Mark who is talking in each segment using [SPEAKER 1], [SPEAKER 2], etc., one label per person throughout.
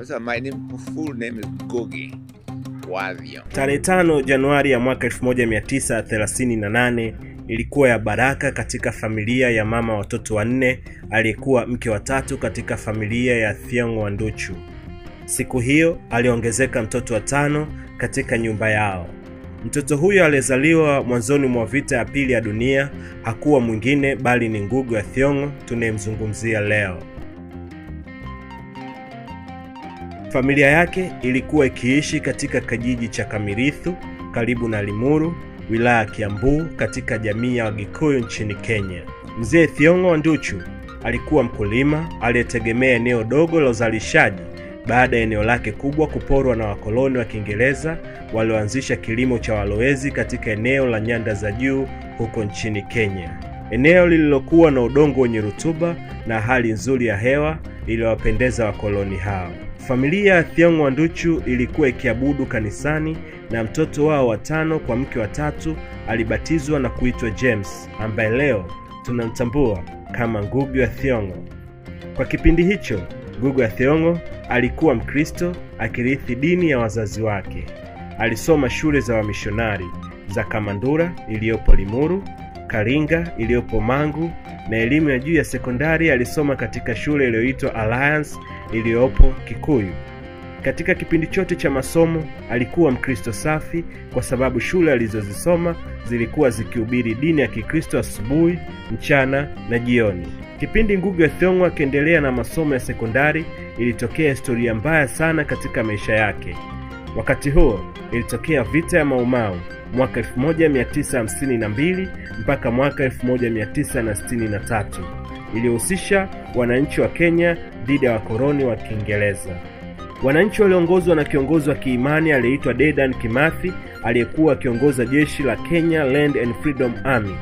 [SPEAKER 1] Sasa my name, full name is Gogi wa Tarehe tano Januari ya mwaka 1938 ilikuwa ya baraka katika familia ya mama watoto wanne aliyekuwa mke wa tatu katika familia ya Thiong'o wa Nduchu. Siku hiyo aliongezeka mtoto wa tano katika nyumba yao. Mtoto huyo aliyezaliwa mwanzoni mwa vita ya pili ya dunia hakuwa mwingine bali ni Ngugi wa Thiong'o tunayemzungumzia leo. Familia yake ilikuwa ikiishi katika kijiji cha Kamirithu karibu na Limuru, wilaya ya Kiambu, katika jamii ya Wagikuyu nchini Kenya. Mzee Thiong'o Wanduchu alikuwa mkulima aliyetegemea eneo dogo la uzalishaji baada ya eneo lake kubwa kuporwa na wakoloni wa Kiingereza walioanzisha kilimo cha walowezi katika eneo la nyanda za juu huko nchini Kenya, eneo lililokuwa na udongo wenye rutuba na hali nzuri ya hewa iliyowapendeza wakoloni hao. Familia ya Thiong'o Wanduchu ilikuwa ikiabudu kanisani na mtoto wao wa tano kwa mke wa tatu alibatizwa na kuitwa James ambaye leo tunamtambua kama Ngugi wa Thiong'o. Kwa kipindi hicho, Ngugi wa Thiong'o alikuwa Mkristo akirithi dini ya wazazi wake. Alisoma shule za wamishonari za Kamandura iliyopo Limuru Karinga iliyopo Mangu na elimu ya juu ya sekondari alisoma katika shule iliyoitwa Alliance iliyopo Kikuyu. Katika kipindi chote cha masomo alikuwa Mkristo safi kwa sababu shule alizozisoma zilikuwa zikihubiri dini ya Kikristo asubuhi, mchana na jioni. Kipindi Ngugi wa Thiong'o akiendelea na masomo ya sekondari, ilitokea historia mbaya sana katika maisha yake. Wakati huo ilitokea vita ya Maumau mwaka 1952 mpaka mwaka 1963 iliyohusisha wananchi wa Kenya dhidi ya wakoloni wa Kiingereza. Wananchi waliongozwa na kiongozi wa kiimani aliyeitwa Dedan Kimathi aliyekuwa akiongoza jeshi la Kenya Land and Freedom Army.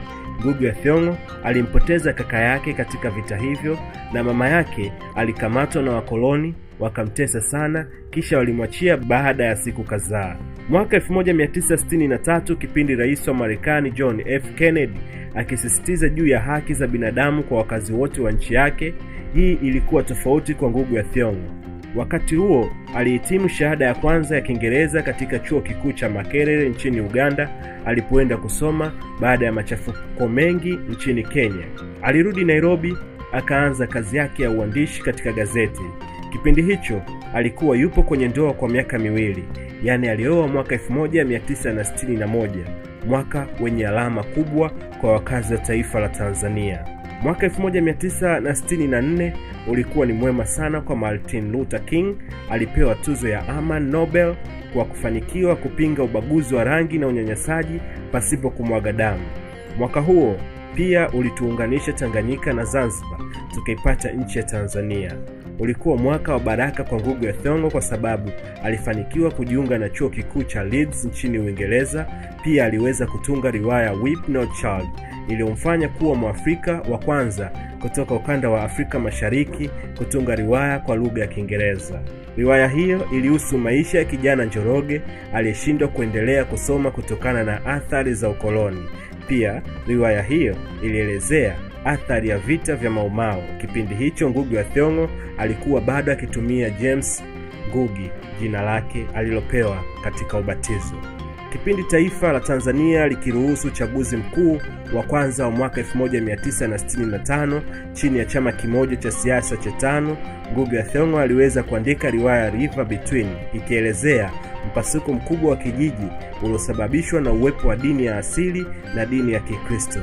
[SPEAKER 1] Ngugi wa Thiong'o alimpoteza kaka yake katika vita hivyo na mama yake alikamatwa na wakoloni wakamtesa sana, kisha walimwachia baada ya siku kadhaa. Mwaka 1963 kipindi rais wa Marekani John F. Kennedy akisisitiza juu ya haki za binadamu kwa wakazi wote wa nchi yake, hii ilikuwa tofauti kwa ngugu ya thiong Wakati huo alihitimu shahada ya kwanza ya Kiingereza katika chuo kikuu cha Makerere nchini Uganda alipoenda kusoma baada ya machafuko mengi nchini Kenya. Alirudi Nairobi akaanza kazi yake ya uandishi katika gazeti Kipindi hicho alikuwa yupo kwenye ndoa kwa miaka miwili, yaani alioa mwaka 1961, mwaka wenye alama kubwa kwa wakazi wa taifa la Tanzania. Mwaka 1964 ulikuwa ni mwema sana kwa Martin Luther King. Alipewa tuzo ya aman Nobel kwa kufanikiwa kupinga ubaguzi wa rangi na unyanyasaji pasipo kumwaga damu. Mwaka huo pia ulituunganisha Tanganyika na Zanzibar, tukaipata nchi ya Tanzania ulikuwa mwaka wa baraka kwa Ngugi wa Thiong'o kwa sababu alifanikiwa kujiunga na chuo kikuu cha Leeds nchini Uingereza. Pia aliweza kutunga riwaya Weep No Child iliyomfanya kuwa Mwafrika wa kwanza kutoka ukanda wa Afrika Mashariki kutunga riwaya kwa lugha ya Kiingereza. Riwaya hiyo ilihusu maisha ya kijana Njoroge aliyeshindwa kuendelea kusoma kutokana na athari za ukoloni. Pia riwaya hiyo ilielezea athari ya vita vya Maumau. Kipindi hicho Ngugi wa Thiong'o alikuwa bado akitumia James Ngugi, jina lake alilopewa katika ubatizo. Kipindi taifa la Tanzania likiruhusu uchaguzi mkuu wa kwanza wa mwaka 1965 chini ya chama kimoja cha siasa cha tano Ngugi wa Thiong'o aliweza kuandika riwaya River Between ikielezea mpasuko mkubwa wa kijiji uliosababishwa na uwepo wa dini ya asili na dini ya Kikristo.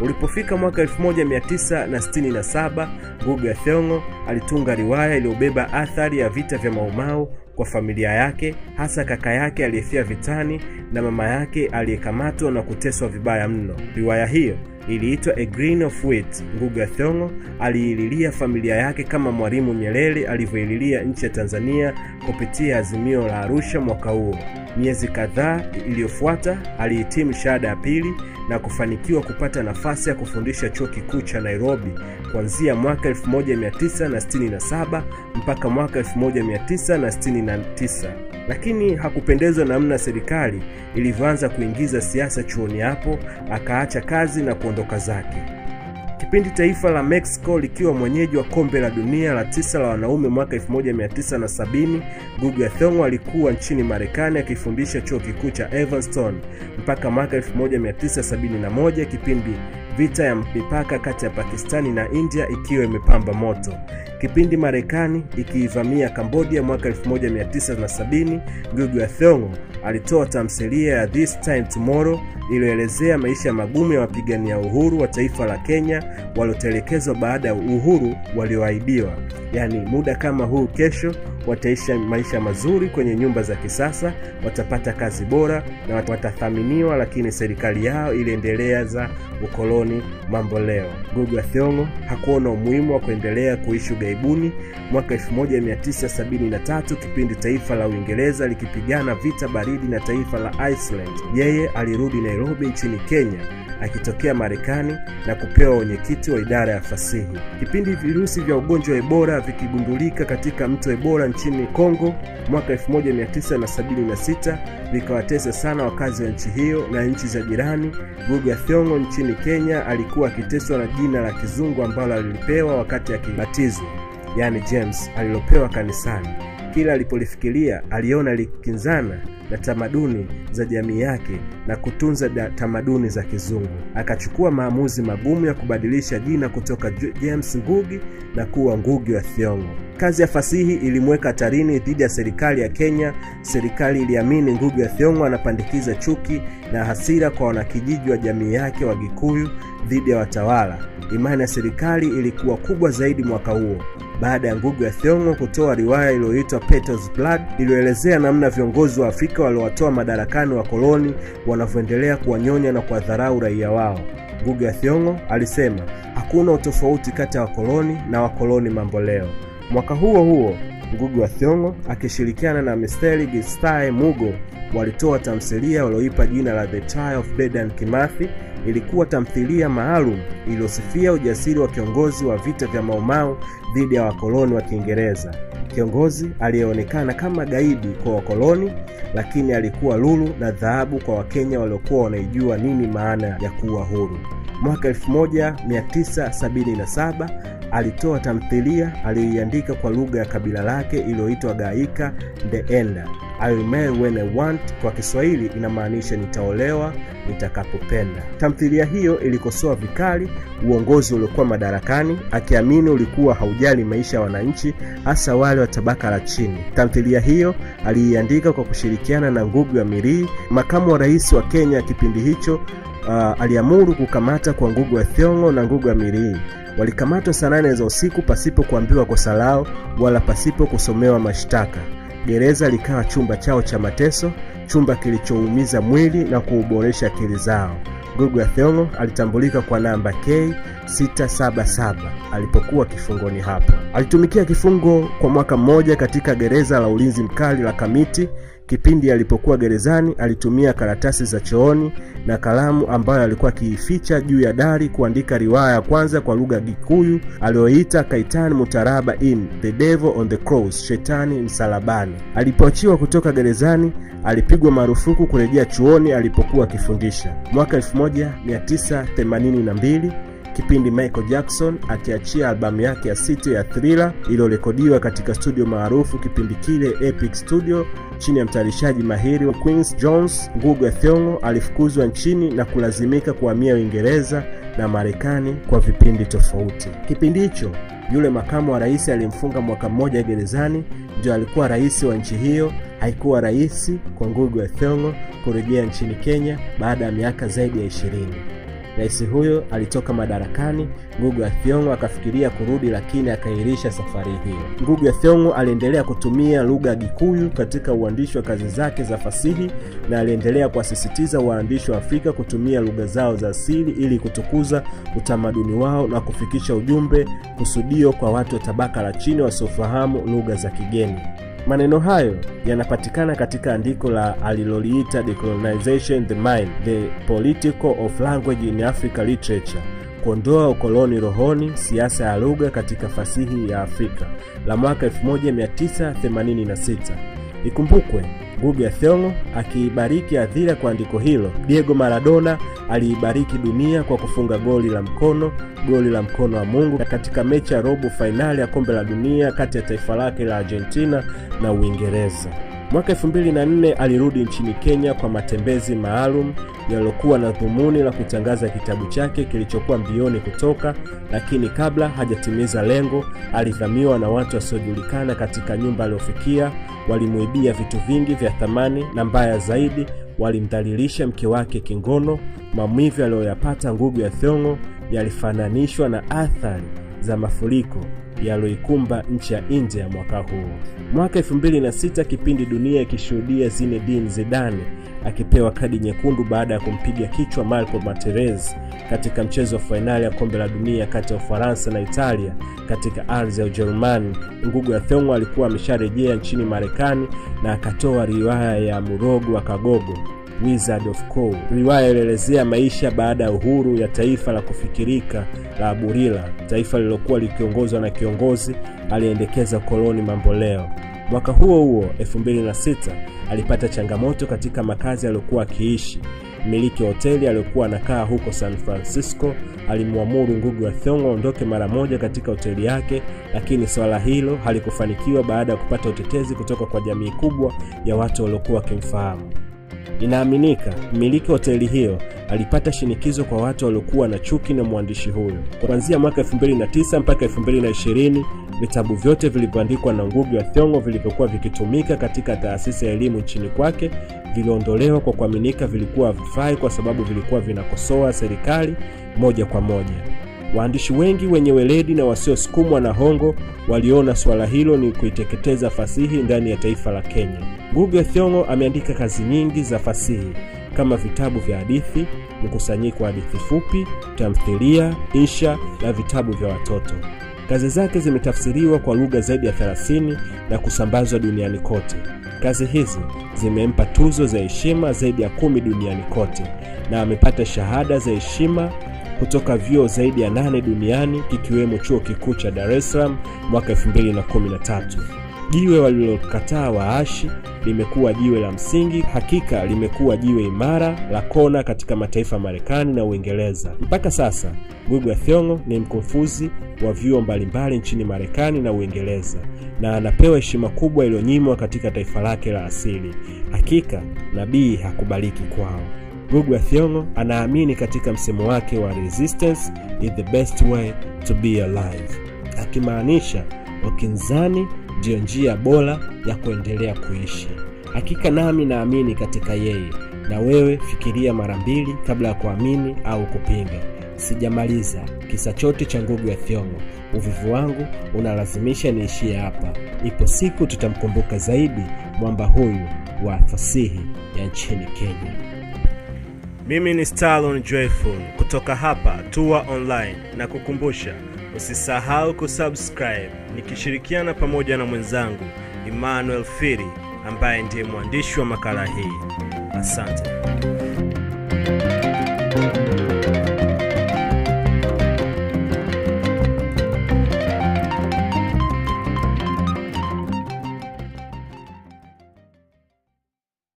[SPEAKER 1] Ulipofika mwaka 1967 Ngugi wa Thiong'o alitunga riwaya iliyobeba athari ya vita vya Maumau kwa familia yake, hasa kaka yake aliyefia vitani na mama yake aliyekamatwa na kuteswa vibaya mno. Riwaya hiyo iliitwa A Grain of Wheat. Nguga Thiong'o aliililia familia yake kama Mwalimu Nyerere alivyoililia nchi ya Tanzania kupitia Azimio la Arusha mwaka huo. Miezi kadhaa iliyofuata alihitimu shahada ya pili na kufanikiwa kupata nafasi ya kufundisha Chuo Kikuu cha Nairobi kuanzia mwaka 1967 mpaka mwaka 1969 lakini hakupendezwa namna serikali ilivyoanza kuingiza siasa chuoni hapo, akaacha kazi na kuondoka zake. Kipindi taifa la Mexico likiwa mwenyeji wa kombe la dunia la tisa la wanaume mwaka 1970, Guga Thongo alikuwa nchini Marekani akifundisha chuo kikuu cha Evanston mpaka mwaka 1971, kipindi vita ya mipaka kati ya Pakistani na India ikiwa imepamba moto. Kipindi Marekani ikiivamia Kambodia mwaka 1970, ya thongo alitoa tamthilia ya This Time Tomorrow iliyoelezea maisha magumu ya wapigania uhuru wa taifa la Kenya waliotelekezwa baada ya uhuru walioahidiwa. Yaani, muda kama huu kesho wataisha maisha mazuri kwenye nyumba za kisasa, watapata kazi bora na watathaminiwa, lakini serikali yao iliendeleza ukoloni mambo leo. ya thongo hakuona umuhimu wa kuendelea kuishi ughaibuni mwaka 1973 kipindi taifa la Uingereza likipigana vita baridi na taifa la Iceland. Yeye alirudi Nairobi nchini Kenya akitokea Marekani na kupewa wenyekiti wa idara ya fasihi. Kipindi virusi vya ugonjwa wa Ebola vikigundulika katika mto Ebola nchini Kongo mwaka 1976 vikawatesa sana wakazi wa nchi hiyo na nchi za jirani. Ngugi Thiong'o nchini Kenya alikuwa akiteswa na jina la kizungu ambalo alilipewa wakati akibatizwa, yaani James alilopewa kanisani kila alipolifikiria aliona likinzana na tamaduni za jamii yake na kutunza da tamaduni za kizungu. Akachukua maamuzi magumu ya kubadilisha jina kutoka James Ngugi na kuwa Ngugi wa Thiong'o. Kazi ya fasihi ilimweka hatarini dhidi ya serikali ya Kenya. Serikali iliamini Ngugi wa Thiong'o anapandikiza chuki na hasira kwa wanakijiji wa jamii yake wa Gikuyu dhidi ya watawala. Imani ya serikali ilikuwa kubwa zaidi mwaka huo baada ya Ngugi wa Thiong'o kutoa riwaya iliyoitwa Petals Blood iliyoelezea namna viongozi wa Afrika waliowatoa madarakani wa koloni wanavyoendelea kuwanyonya na kuwadharau raia wao. Ngugi wa Thiong'o alisema hakuna utofauti kati ya wakoloni na wakoloni mambo leo. Mwaka huo huo Ngugi wa Thiong'o akishirikiana na Mistery Gistae Mugo walitoa tamthilia walioipa jina la The Trial of Dedan Kimathi. Ilikuwa tamthilia maalum iliyosifia ujasiri wa kiongozi wa vita vya Maumau dhidi ya wakoloni wa Kiingereza, kiongozi aliyeonekana kama gaidi kwa wakoloni, lakini alikuwa lulu na dhahabu kwa Wakenya waliokuwa wanaijua nini maana ya kuwa huru mwaka 1977 alitoa tamthilia aliyoiandika kwa lugha ya kabila lake iliyoitwa Gaika Enda. I Marry When I Want kwa Kiswahili inamaanisha nitaolewa nitakapopenda. Tamthilia hiyo ilikosoa vikali uongozi uliokuwa madarakani, akiamini ulikuwa haujali maisha ya wananchi, hasa wale wa tabaka la chini. Tamthilia hiyo aliiandika kwa kushirikiana na Ngugi wa Mirii, makamu wa rais wa Kenya kipindi hicho, uh, aliamuru kukamata kwa Ngugi ya Thiong'o na Ngugi ya Mirii. Walikamatwa sanane za usiku pasipo kuambiwa kosa lao wala pasipo kusomewa mashtaka. Gereza likawa chumba chao cha mateso, chumba kilichoumiza mwili na kuuboresha akili zao. Ngugi ya Thiong'o alitambulika kwa namba K677 alipokuwa kifungoni hapo. Alitumikia kifungo kwa mwaka mmoja katika gereza la ulinzi mkali la Kamiti Kipindi alipokuwa gerezani, alitumia karatasi za chooni na kalamu ambayo alikuwa akiificha juu ya dari kuandika riwaya ya kwanza kwa lugha Gikuyu aliyoita Kaitan Mutaraba in The Devil on the Cross, Shetani Msalabani. Alipoachiwa kutoka gerezani, alipigwa marufuku kurejea chuoni alipokuwa akifundisha. Mwaka 1982 kipindi Michael Jackson akiachia albamu yake ya sita ya Thriller iliyorekodiwa katika studio maarufu kipindi kile Epic Studio chini ya mtayarishaji mahiri wa queens Jones. ngugu wa Thiong'o alifukuzwa nchini na kulazimika kuhamia Uingereza na Marekani kwa vipindi tofauti. Kipindi hicho yule makamu wa rais alimfunga mwaka mmoja gerezani ndio alikuwa rais wa nchi hiyo. Haikuwa rahisi kwa ngugu wa Thiong'o kurejea nchini Kenya baada ya miaka zaidi ya ishirini. Rais huyo alitoka madarakani. Ngugi wa Thiong'o akafikiria kurudi, lakini akaahirisha safari hiyo. Ngugi wa Thiong'o aliendelea kutumia lugha ya Gikuyu katika uandishi wa kazi zake za fasihi na aliendelea kuwasisitiza waandishi wa Afrika kutumia lugha zao za asili ili kutukuza utamaduni wao na kufikisha ujumbe kusudio kwa watu wa tabaka la chini wasiofahamu lugha za kigeni. Maneno hayo yanapatikana katika andiko la aliloliita Decolonization the Mind, the Political of Language in Africa Literature, kuondoa ukoloni rohoni, siasa ya lugha katika fasihi ya Afrika, la mwaka 1986. Ikumbukwe Guga Thiong'o akiibariki adhira kwa andiko hilo. Diego Maradona aliibariki dunia kwa kufunga goli la mkono, goli la mkono wa Mungu katika mechi ya robo fainali ya kombe la dunia kati ya taifa lake la Argentina na Uingereza. Mwaka 2004 alirudi nchini Kenya kwa matembezi maalum yaliyokuwa na dhumuni la kutangaza kitabu chake kilichokuwa mbioni kutoka, lakini kabla hajatimiza lengo, alivamiwa na watu wasiojulikana katika nyumba aliyofikia. Walimuibia vitu vingi vya thamani, na mbaya zaidi, walimdhalilisha mke wake kingono. Maumivu aliyoyapata ngugu ya thongo yalifananishwa na athari za mafuriko yaloikumba nchi ya India mwaka huu. Mwaka 2006 kipindi dunia ikishuhudia Zinedine Zidane akipewa kadi nyekundu baada ya kumpiga kichwa Marco Materazzi katika mchezo wa fainali ya kombe la dunia kati ya Ufaransa na Italia katika ardhi ya Ujerumani. Ngugu ya Thiong'o alikuwa amesharejea nchini Marekani na akatoa riwaya ya murogo wa Kagogo Wizard of Coal. Riwaya ilielezea maisha baada ya uhuru ya taifa la kufikirika la Aburila, taifa lililokuwa likiongozwa na kiongozi aliendekeza koloni mamboleo. Mwaka huo huo 2006 alipata changamoto katika makazi aliyokuwa akiishi. Mmiliki wa hoteli aliyokuwa anakaa huko San Francisco alimwamuru Ngugi wa Thiong'o aondoke mara moja katika hoteli yake, lakini swala hilo halikufanikiwa baada ya kupata utetezi kutoka kwa jamii kubwa ya watu waliokuwa wakimfahamu. Inaaminika mmiliki hoteli hiyo alipata shinikizo kwa watu waliokuwa na chuki na mwandishi huyo. Kuanzia mwaka 2009 mpaka 2020, vitabu vyote vilivyoandikwa na Ngugi wa Thiong'o vilivyokuwa vikitumika katika taasisi ya elimu nchini kwake viliondolewa kwa kuaminika vilikuwa havifai kwa sababu vilikuwa vinakosoa serikali moja kwa moja. Waandishi wengi wenye weledi na wasiosukumwa na hongo waliona suala hilo ni kuiteketeza fasihi ndani ya taifa la Kenya. Ngugi Thiong'o ameandika kazi nyingi za fasihi kama vitabu vya hadithi, mkusanyiko wa hadithi fupi, tamthilia, insha na vitabu vya watoto. Kazi zake zimetafsiriwa kwa lugha zaidi ya 30 na kusambazwa duniani kote. Kazi hizi zimempa tuzo za heshima zaidi ya kumi duniani kote na amepata shahada za heshima kutoka vyuo zaidi ya nane duniani kikiwemo chuo kikuu cha Dar es Salaam mwaka 2013. Jiwe walilokataa waashi limekuwa jiwe la msingi, hakika limekuwa jiwe imara la kona katika mataifa ya Marekani na Uingereza. Mpaka sasa, Ngugi wa Thiong'o ni mkufunzi wa vyuo mbalimbali nchini Marekani na Uingereza, na anapewa heshima kubwa iliyonyimwa katika taifa lake la asili. Hakika nabii hakubaliki kwao. Ngugi wa Thiong'o anaamini katika msemo wake wa resistance is the best way to be alive, akimaanisha ukinzani ndiyo njia bora ya kuendelea kuishi. Hakika nami naamini katika yeye, na wewe fikiria mara mbili kabla ya kuamini au kupinga. Sijamaliza kisa chote cha Ngugi wa Thiong'o. Uvivu wangu unalazimisha niishie hapa. Ipo siku tutamkumbuka zaidi mwamba huyu wa fasihi ya nchini Kenya.
[SPEAKER 2] Mimi ni Stalon Joyful kutoka hapa tuwa Online na kukumbusha Usisahau kusubscribe nikishirikiana pamoja na mwenzangu Emmanuel Firi ambaye ndiye mwandishi wa makala hii. Asante.